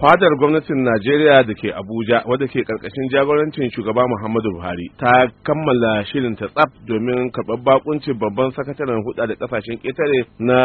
fadar gwamnatin najeriya da ke abuja wadda ke ƙarƙashin jagorancin shugaba muhammadu buhari ta kammala shirin ta tsaf domin karɓar bakuncin babban sakataren hudu da kasashen ƙetare na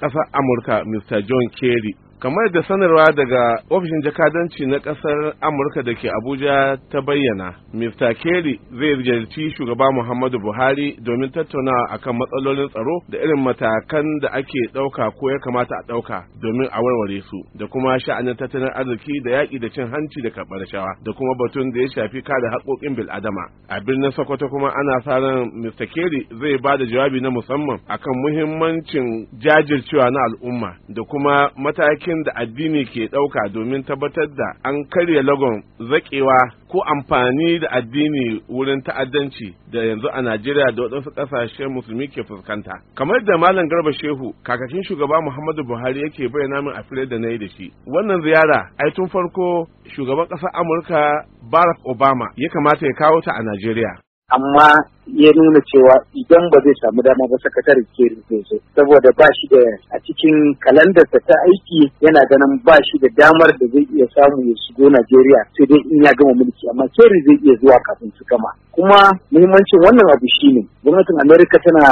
ƙasar amurka mr john kerry kamar da sanarwa daga ofishin jakadanci na kasar amurka da ke abuja ta bayyana mr kerry zai ziyarci shugaba muhammadu buhari domin tattaunawa akan matsalolin tsaro da irin matakan da ake ɗauka ko ya kamata a ɗauka domin a warware su da kuma sha'anin tattalin arziki da yaƙi da cin hanci da karɓar shawa da kuma batun da ya shafi kada haƙoƙin bil'adama a birnin sokoto kuma ana sa ran mr kerry zai ba da jawabi na musamman akan muhimmancin jajircewa na al'umma da kuma mataki matakin da addini ke ɗauka domin tabbatar da an karya lagon zaƙewa ko amfani da addini wurin ta'addanci da yanzu a Najeriya da waɗansu ƙasashe musulmi ke fuskanta. Kamar da Malam Garba Shehu, kakakin shugaba Muhammadu Buhari yake bayyana min a da na yi da shi. Wannan ziyara, ai tun farko shugaban ƙasar Amurka Barack Obama ya kamata ya kawo ta a Najeriya. Amma ya nuna cewa idan ba zai samu dama ba sakatare ke zai zo saboda ba shi da a cikin kalandarsa ta aiki yana ganin ba shi da damar da zai iya samu ya shigo Najeriya sai dai in ya gama mulki amma Kerry zai iya zuwa kafin su gama kuma muhimmancin wannan abu shine gwamnatin Amerika tana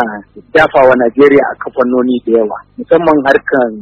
dafawa Najeriya a kafannoni da yawa musamman harkan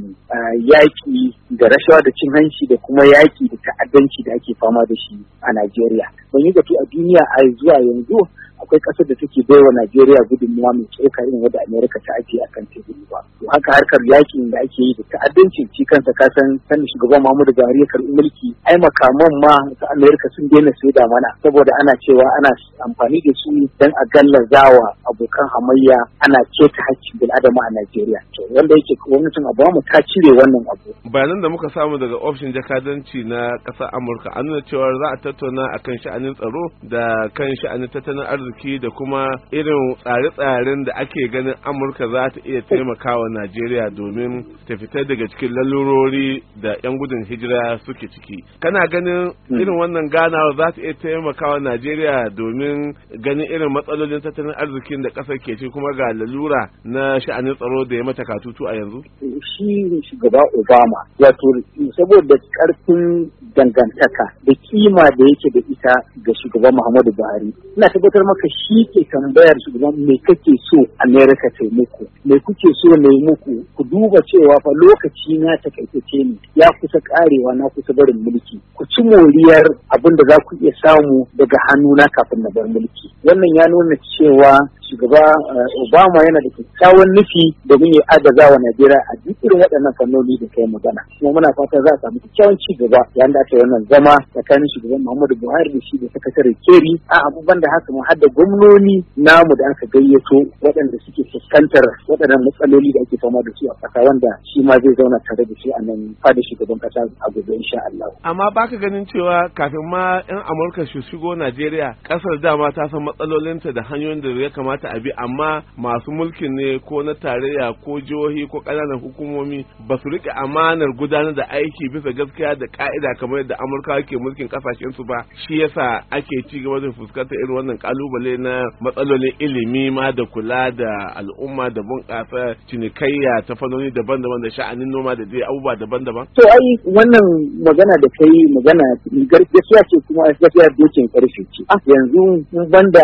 yaki da rashawa da cin hanci da kuma yaki da ta'addanci da ake fama da shi a Najeriya. Ban yi zato a duniya a zuwa yanzu akwai ƙasar da take baiwa Najeriya gudunmuwa mai tsoka irin wadda Amerika ta ake a kan teburi ba. To haka harkar yakin da ake yi da ta'addanci ci kansa ka san sanin shugaban Muhammadu Buhari ya karɓi mulki ai makaman ma ta Amerika sun daina da mana saboda ana cewa ana amfani da su don a gallazawa abokan hamayya ana keta haƙƙin bil'adama a Najeriya. To wanda yake gwamnatin Obama ta cire wannan abu. Bayanan da muka samu daga ofishin jakadanci na ƙasar Amurka an nuna cewa za a tattauna akan sha'anin tsaro da kan sha'anin tattalin arziki arziki da kuma irin tsare-tsaren da ake ganin amurka za ta iya taimakawa najeriya domin ta fita daga cikin lalurori da 'yan gudun hijira suke ciki kana ganin hmm. irin wannan ganawa za ta iya taimakawa najeriya domin ganin irin matsalolin tattalin arzikin da ƙasar ke ci kuma ga lalura na sha'anin tsaro da ya mata katutu a yanzu shi shugaba obama wato saboda karfin dangantaka da kima da yake da ita ga shugaba muhammadu buhari ina tabbatar maka haka shi ke tambayar shugaban me kake so Amerika ta muku me kuke so na yi muku ku duba cewa fa lokaci na takaitace ne ya kusa karewa na kusa barin mulki ku ci moriyar abin da za ku iya samu daga hannu na kafin na bar mulki wannan ya nuna cewa shugaba eh, Obama yana da kyakkyawan nufi domin ya agaza wa Najeriya a duk irin waɗannan fannoni da kai magana. Kuma muna fata za a samu kyakkyawan ci gaba yayin da aka yi wannan zama tsakanin shugaban Muhammadu Buhari da shi da sakatare Keri. a abubuwan da haka mun hada gwamnoni namu da aka gayyato waɗanda suke fuskantar waɗannan matsaloli da ake fama da su a ƙasa wanda shi ma zai zauna tare da shi a nan fadin shugaban ƙasa a gobe insha Allah. Amma baka ganin cewa kafin ma 'yan Amurka su shigo Najeriya ƙasar dama ta san matsalolinta da hanyoyin da ya kamata kamata a bi amma masu mulkin ne ko na tarayya ko jihohi ko ƙananan hukumomi ba su rike amanar gudanar da aiki bisa gaskiya da ka'ida kamar yadda amurka ke mulkin kasashen su ba shi yasa ake ci gaba da fuskantar irin wannan kalubale na matsalolin ilimi ma da kula da al'umma da bunƙasa cinikayya ta fannoni daban-daban da sha'anin noma da dai abubuwa daban-daban. to ai wannan magana da kai magana gaskiya ce kuma gaskiya dokin karfe ce ah, yanzu ban da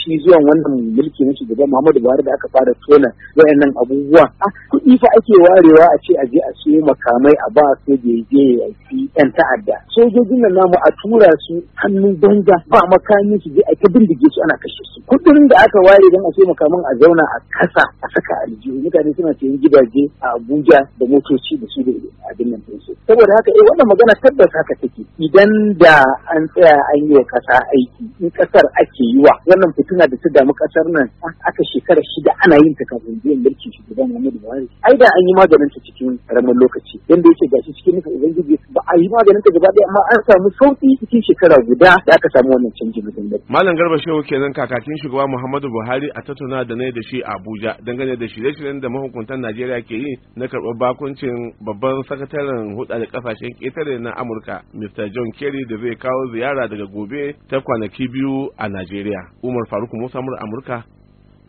shi zuwan wannan mulki na shugaban Muhammadu Buhari da aka fara tona wayannan abubuwa a ah, kuɗi fa ake warewa a ce a je a siyo makamai a ba je ya fi yan ta'adda sojojin nan namu a tura su hannun banza ba makami su je a ta bindige su ana kashe su kuɗin da aka ware don a siyo makaman a zauna a kasa a saka aljihu mutane suna sayan gidaje a Abuja da motoci da su da abin nan su saboda haka eh wannan magana tabbas haka take idan da an tsaya an yi wa ƙasa aiki in ƙasar ake yi wa wannan fituna da su damu kasar nan aka shekara shida ana yin takardun biyan mulkin shugaban Muhammadu Buhari ai da an yi maganin ta cikin karamin lokaci yanda yake gashi cikin nufin ubangiji ba a yi maganin ta gaba amma an samu sauki cikin shekara guda da aka samu wannan canjin mutum Malam Garba Shehu kenan kakakin shugaba Muhammadu Buhari a tattauna da na da shi a Abuja dangane da shirye-shiryen da mahukuntan Najeriya ke yi na karɓar bakuncin babban sakataren hulɗa da kasashen ƙetare na Amurka Mr. John Kerry da zai kawo ziyara daga gobe ta kwanaki biyu a Najeriya. Umar Faruk Musa murar amurka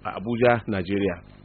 a abuja najeriya